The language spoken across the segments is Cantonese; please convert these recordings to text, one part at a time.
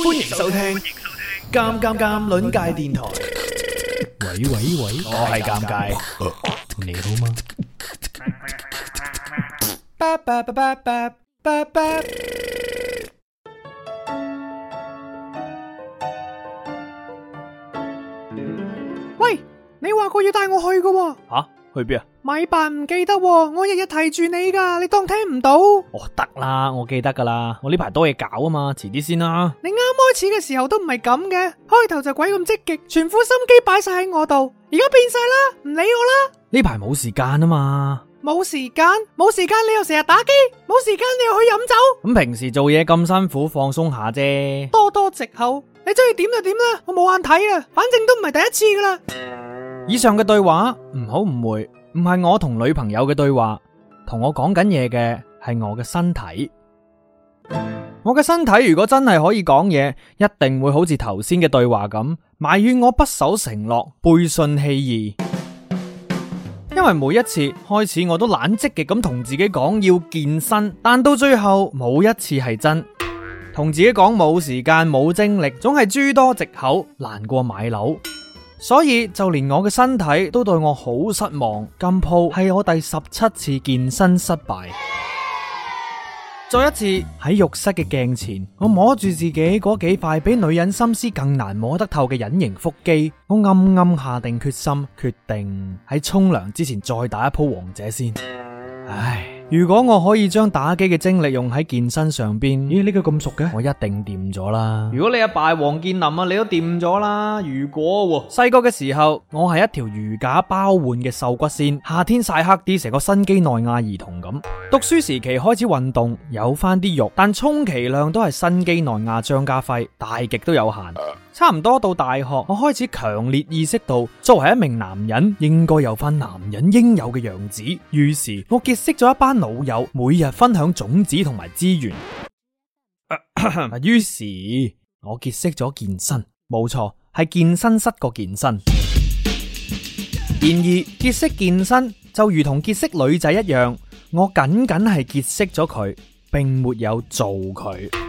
歡迎收聽《尷尷尷》鄰界電台。喂喂喂，我係尷尬，你好嗎？喂，你話過要帶我去㗎喎。吓？去邊啊？咪扮唔記得我日日提住你噶，你當聽唔到？哦，得啦，我記得噶啦。我呢排多嘢搞啊嘛，遲啲先啦。你啱開始嘅時候都唔係咁嘅，開頭就鬼咁積極，全副心機擺晒喺我度，而家變晒啦，唔理我啦。呢排冇時間啊嘛，冇時間，冇時間，你又成日打機，冇時間你又去飲酒。咁平時做嘢咁辛苦，放鬆下啫。多多借口，你中意點就點啦，我冇眼睇啊，反正都唔係第一次噶啦。 以上嘅對話唔好誤會，唔係我同女朋友嘅對話，同我講緊嘢嘅係我嘅身體。我嘅身體如果真係可以講嘢，一定會好似頭先嘅對話咁，埋怨我不守承諾、背信棄義。因為每一次開始我都懶積極咁同自己講要健身，但到最後冇一次係真。同自己講冇時間、冇精力，總係諸多借口，難過買樓。所以就連我嘅身體都對我好失望。今鋪係我第十七次健身失敗。再一次喺浴室嘅鏡前，我摸住自己嗰幾塊比女人心思更難摸得透嘅隱形腹肌，我暗暗下定決心，決定喺沖涼之前再打一鋪王者先。唉。如果我可以將打機嘅精力用喺健身上邊，咦呢個咁熟嘅，我一定掂咗啦。如果你阿爸係王健林啊，你都掂咗啦。如果細個嘅時候，我係一條如假包換嘅瘦骨線，夏天曬黑啲成個新幾內亞兒童咁。讀書時期開始運動，有翻啲肉，但充其量都係新幾內亞張家輝，大極都有限。啊差唔多到大學，我開始強烈意識到，作為一名男人，應該有翻男人應有嘅樣子。於是，我結識咗一班老友，每日分享種子同埋資源。於 是，我結識咗健身，冇錯，係健身室個健身。 然而，結識健身就如同結識女仔一樣，我僅僅係結識咗佢，並沒有做佢。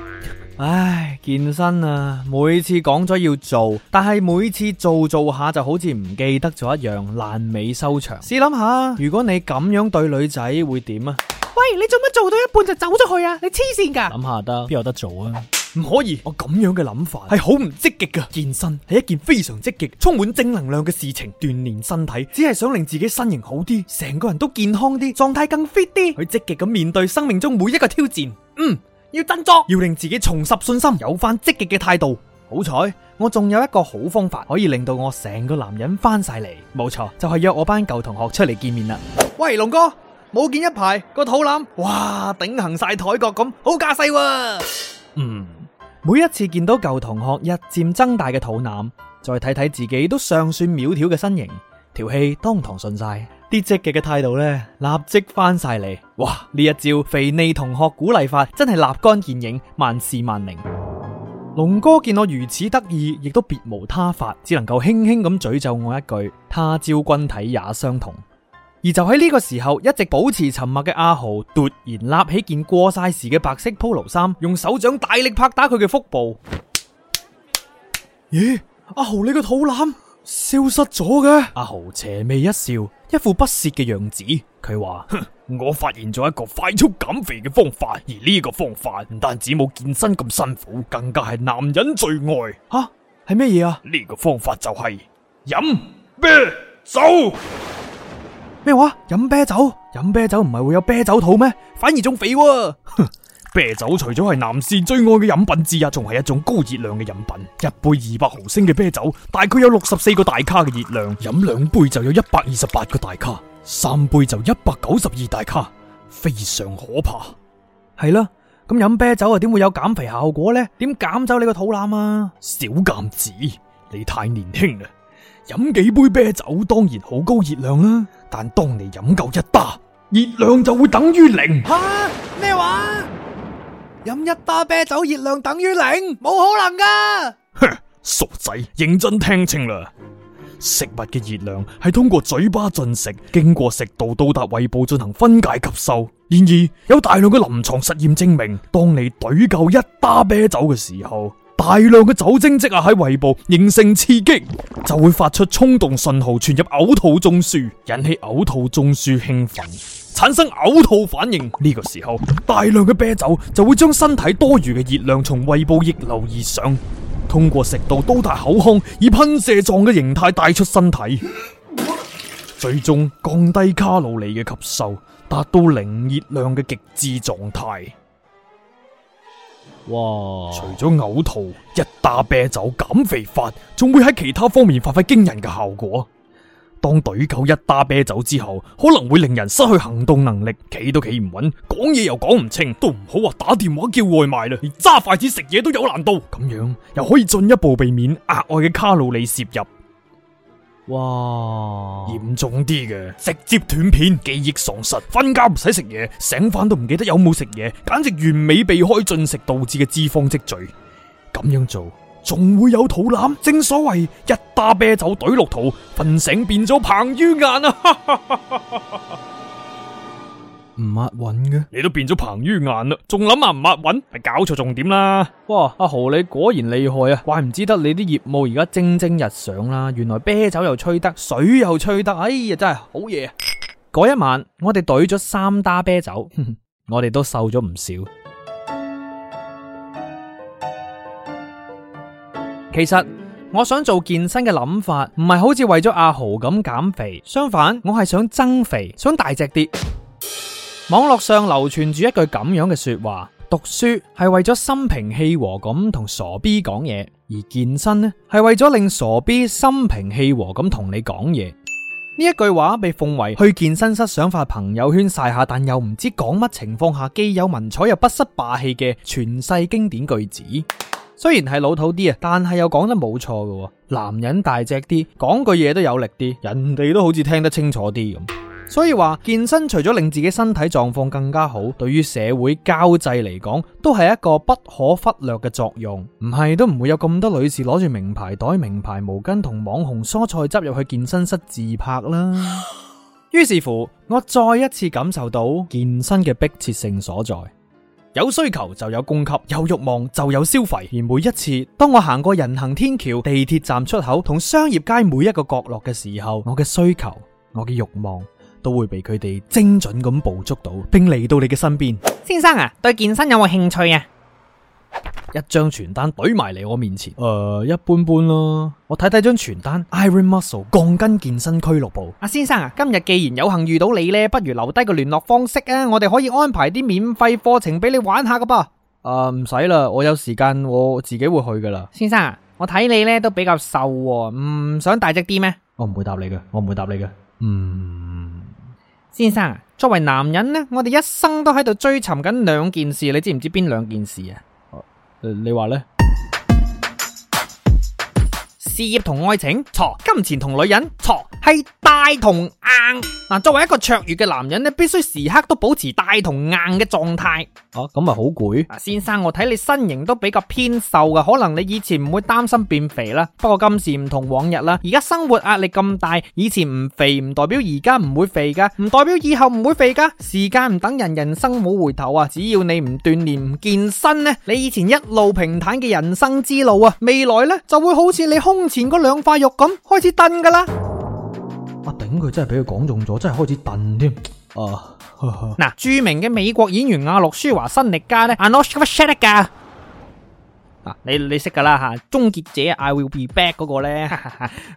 唉，健身啊，每次講咗要做，但係每次做做下就好似唔記得咗一樣，爛尾收場。試諗下，如果你咁樣對女仔會點啊？喂，你做乜做到一半就走咗去啊？你黐線噶！諗下得邊有得做啊？唔可以，我咁樣嘅諗法係好唔積極噶。健身係一件非常積極、充滿正能量嘅事情，鍛煉身體，只係想令自己身形好啲，成個人都健康啲，狀態更 fit 啲，去積極咁面對生命中每一個挑戰。嗯。要振作，要令自己重拾信心，有翻積極嘅態度。好彩，我仲有一個好方法可以令到我成個男人翻晒嚟。冇錯，就係約我班舊同學出嚟見面啦。喂，龍哥，冇見一排個肚腩，哇，頂行晒台角咁，好架勢喎。嗯，每一次見到舊同學日漸增大嘅肚腩，再睇睇自己都尚算苗條嘅身形，條氣當堂順晒。啲積極嘅態度呢，立即翻晒嚟。哇！呢一招肥膩同學鼓勵法真係立竿見影，萬事萬靈。龍哥見我如此得意，亦都別無他法，只能夠輕輕咁詛咒我一句：他朝君體也相同。而就喺呢個時候，一直保持沉默嘅阿豪突然立起件過晒時嘅白色 polo 衫，用手掌大力拍打佢嘅腹部。咦？阿豪你個肚腩消失咗嘅？阿豪邪魅一笑。一副不屑嘅樣子，佢話：哼，我發現咗一個快速減肥嘅方法，而呢個方法唔單止冇健身咁辛苦，更加係男人最愛。吓，係咩嘢啊？呢個方法就係飲啤酒。咩話？飲啤酒？飲啤酒唔係會有啤酒肚咩？反而仲肥喎、啊。 啤酒除咗係男士最愛嘅飲品之外，仲係一種高熱量嘅飲品。一杯二百毫升嘅啤酒，大概有六十四個大卡嘅熱量，飲兩杯就有一百二十八個大卡，三杯就一百九十二大卡，非常可怕。係啦，咁飲啤酒啊，點會有減肥效果呢？點減走你個肚腩啊？小男子，你太年輕啦！飲幾杯啤酒當然好高熱量啦、啊，但當你飲夠一打，熱量就會等於零。吓？咩話？飲一打啤酒熱量等於零，冇可能㗎！哼， 傻仔，認真聽清啦，食物嘅熱量係通過嘴巴進食，經過食道到達胃部進行分解吸收。然而，有大量嘅臨床實驗證明，當你懟夠一打啤酒嘅時候。大量嘅酒精積壓喺胃部形成刺激，就會發出衝動信號傳入嘔吐中樞，引起嘔吐中樞興奮，產生嘔吐反應。呢個時候，大量嘅啤酒就會將身體多餘嘅熱量從胃部逆流而上，通過食道，到達口腔，以噴射狀嘅形態帶出身體，最終降低卡路里嘅吸收，達到零熱量嘅極致狀態。哇！除咗嘔吐，一打啤酒減肥法仲會喺其他方面發揮驚人嘅效果。當隊夠一打啤酒之後，可能會令人失去行動能力，企都企唔穩，講嘢又講唔清，都唔好話打電話叫外賣啦，連揸筷子食嘢都有難度。咁樣又可以進一步避免額外嘅卡路里攝入。哇，嚴重啲嘅，直接斷片，記憶喪失，瞓覺唔使食嘢，醒翻都唔記得有冇食嘢，簡直完美避開進食導致嘅脂肪積聚。咁樣做仲會有肚腩？正所謂一打啤酒懟落肚，瞓醒變咗彭于晏啊！ 唔抹穩嘅，你都變咗彭于晏啦，仲諗埋唔抹穩，係搞錯重點啦。哇！阿豪，你果然厲害啊，怪唔知得你啲業務而家蒸蒸日上啦。原來啤酒又吹得，水又吹得，哎呀，真係好嘢。嗰 一晚我哋懟咗三打啤酒， 我哋都瘦咗唔少。 其實我想做健身嘅諗法，唔係好似為咗阿豪咁減肥，相反我係想增肥，想大隻啲。網絡上流傳住一句咁樣嘅說話：讀書係為咗心平氣和咁同傻逼講嘢，而健身呢係為咗令傻逼心平氣和咁同你講嘢。呢一句話被奉為去健身室想發朋友圈晒下，但又唔知講乜情況下既有文采又不失霸氣嘅傳世經典句子。 雖然係老土啲啊，但係又講得冇錯噶。男人大隻啲，講句嘢都有力啲，人哋都好似聽得清楚啲咁。所以話健身除咗令自己身體狀況更加好，對於社會交際嚟講，都係一個不可忽略嘅作用。唔係都唔會有咁多女士攞住名牌袋、名牌毛巾同網紅蔬菜汁入去健身室自拍啦。 於是乎，我再一次感受到健身嘅迫切性所在。有需求就有供給，有慾望就有消費。而每一次當我行過人行天橋、地鐵站出口同商業街每一個角落嘅時候，我嘅需求，我嘅慾望。都會被佢哋精準咁捕捉到，並嚟到你嘅身邊。先生啊，對健身有冇興趣啊？一張傳單懟埋嚟我面前。誒、呃，一般般啦。我睇睇張傳單，Iron Muscle 鋼筋健身俱樂部。阿先生啊，今日既然有幸遇到你咧，不如留低個聯絡方式啊，我哋可以安排啲免費課程俾你玩下噶噃。誒、呃，唔使啦，我有時間我自己會去噶啦。先生、啊，我睇你咧都比較瘦喎、啊，唔、嗯、想大隻啲咩？我唔會答你嘅，我唔會答你嘅。嗯。先生，作為男人呢，我哋一生都喺度追尋緊兩件事，你知唔知邊兩件事啊？你話呢：「事業同愛情錯，金錢同女人錯，係大同。作為一個卓越嘅男人咧，必須時刻都保持大同硬嘅狀態。哦、啊，咁咪好攰。嗱，先生，我睇你身形都比較偏瘦噶，可能你以前唔會擔心變肥啦。不過今時唔同往日啦，而家生活壓力咁大，以前唔肥唔代表而家唔會肥噶，唔代表以後唔會肥噶。時間唔等人，人生冇回頭啊！只要你唔鍛煉唔健身呢，你以前一路平坦嘅人生之路啊，未來呢就會好似你胸前嗰兩塊肉咁開始掟噶啦。頂佢真係俾佢講中咗，真係開始癲添啊！嗱、啊，著名嘅美國演員阿諾舒華辛力加咧，阿諾舒華你你識噶啦吓，終結者 I will be back 嗰個呢。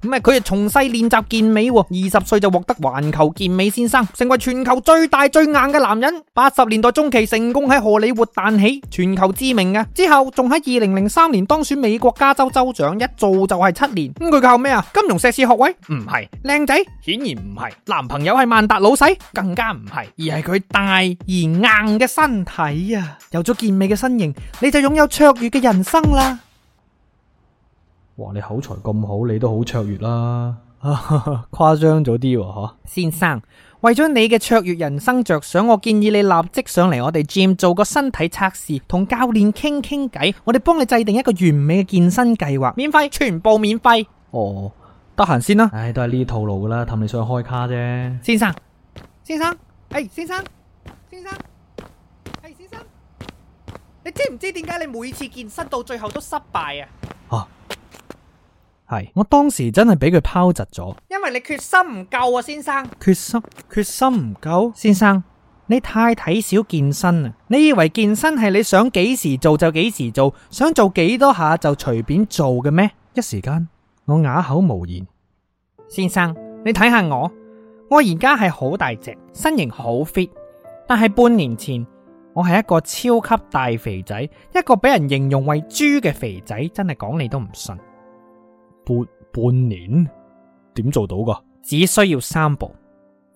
咁啊佢啊從細練習健美，二十歲就獲得環球健美先生，成為全球最大最硬嘅男人。八十年代中期成功喺荷里活彈起全球知名啊，之後仲喺二零零三年當選美國加州州長，一做就係七年。咁、嗯、佢靠咩啊？金融碩士學位唔係，靚是仔顯然唔係，男朋友係萬達老細更加唔係，而係佢大而硬嘅身體啊！ 有咗健美嘅身形，你就擁有卓越嘅人生。啦！哇，你口才咁好，你都好卓越啦，誇張咗啲喎，先生，為咗你嘅卓越人生着想，我建議你立即上嚟我哋 gym 做個身體測試，同教練傾傾偈，我哋幫你制定一個完美嘅健身計劃，免費，全部免費。哦，得閒先啦。唉、哎，都係呢套路㗎啦，氹你上去開卡啫。先生，先生，哎，先生，先生。你知唔知點解你每次健身到最後都失敗啊？哦、啊，係我當時真係俾佢拋窒咗。因為你決心唔夠啊，先生。決心決心唔夠，先生，你太睇小健身啦。你以為健身係你想幾時做就幾時做，想做幾多下就隨便做嘅咩？一時間我啞口無言。先生，你睇下我，我而家係好大隻，身形好 fit，但係半年前。我係一個超級大肥仔，一個俾人形容為豬嘅肥仔，真係講你都唔信。半半年點做到㗎？只需要三步，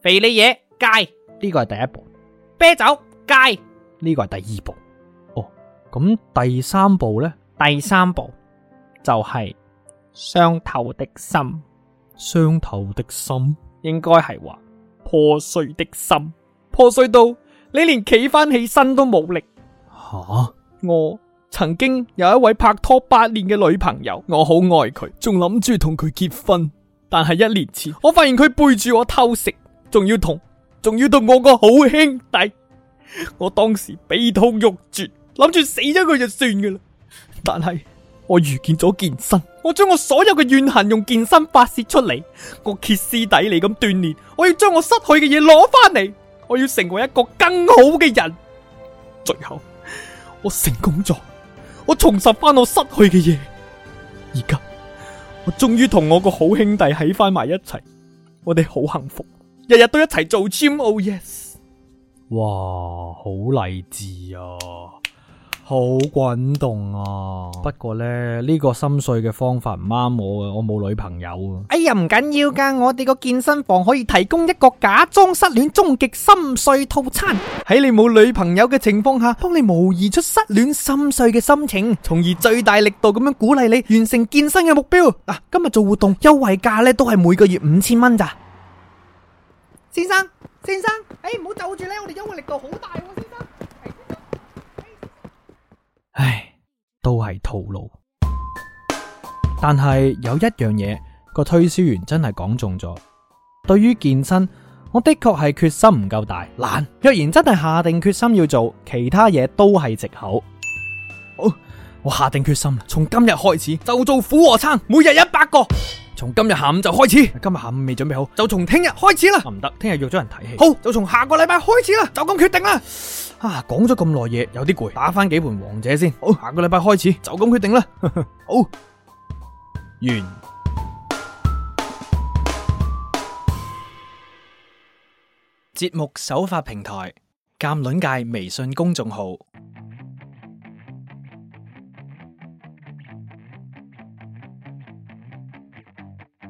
肥你嘢，戒呢個係第一步，啤酒戒呢個係第二步。哦，咁第三步呢？第三步就係傷透的心，傷透的心應該係話破碎的心，破碎到。你連企翻起身都冇力。吓，我曾經有一位拍拖八年嘅女朋友我，我好愛佢，仲諗住同佢結婚。但係一年前，我發現佢背住我偷食，仲要同仲要同我個好兄弟。我當時悲痛欲絕，諗住死咗佢就算噶啦。但係我遇見咗健身，我將我所有嘅怨恨用健身發洩出嚟，我歇斯底里咁鍛煉，我要將我失去嘅嘢攞翻嚟。我要成為一個更好嘅人，最後我成功咗，我重拾翻我失去嘅嘢，而家我終於同我個好兄弟喺翻埋一齊，我哋好幸福，日日都一齊做 gym。哦，yes！哇，好勵志啊！好滾動啊！不過咧，呢個心碎嘅方法唔啱我啊，我冇女朋友啊！哎呀，唔緊要噶，我哋個健身房可以提供一個假裝失戀終極心碎套餐，喺你冇女朋友嘅情況下，幫你模擬出失戀心碎嘅心情，從而最大力度咁樣鼓勵你完成健身嘅目標。嗱，今日做活動優惠價呢，都係每個月五千蚊咋，先生，先生，哎，唔好走住呢，我哋優惠力度好大。唉，都係套路。但係有一樣嘢，個推銷員真係講中咗。對於健身，我的確係決心唔夠大，懶。若然真係下定決心要做，其他嘢都係借口。好，我下定決心啦，從今日開始就做俯臥撐，每日一百個。從今日下午就開始，今日下午未準備好，就從聽日開始啦。唔得，聽日約咗人睇戲。好，就從下個禮拜開始啦，就咁決定啦。啊，講咗咁耐嘢，有啲攰，打返幾盤王者先。好，下個禮拜開始就咁決定啦。好，完。節目首發平台：鑑輪界微信公眾號。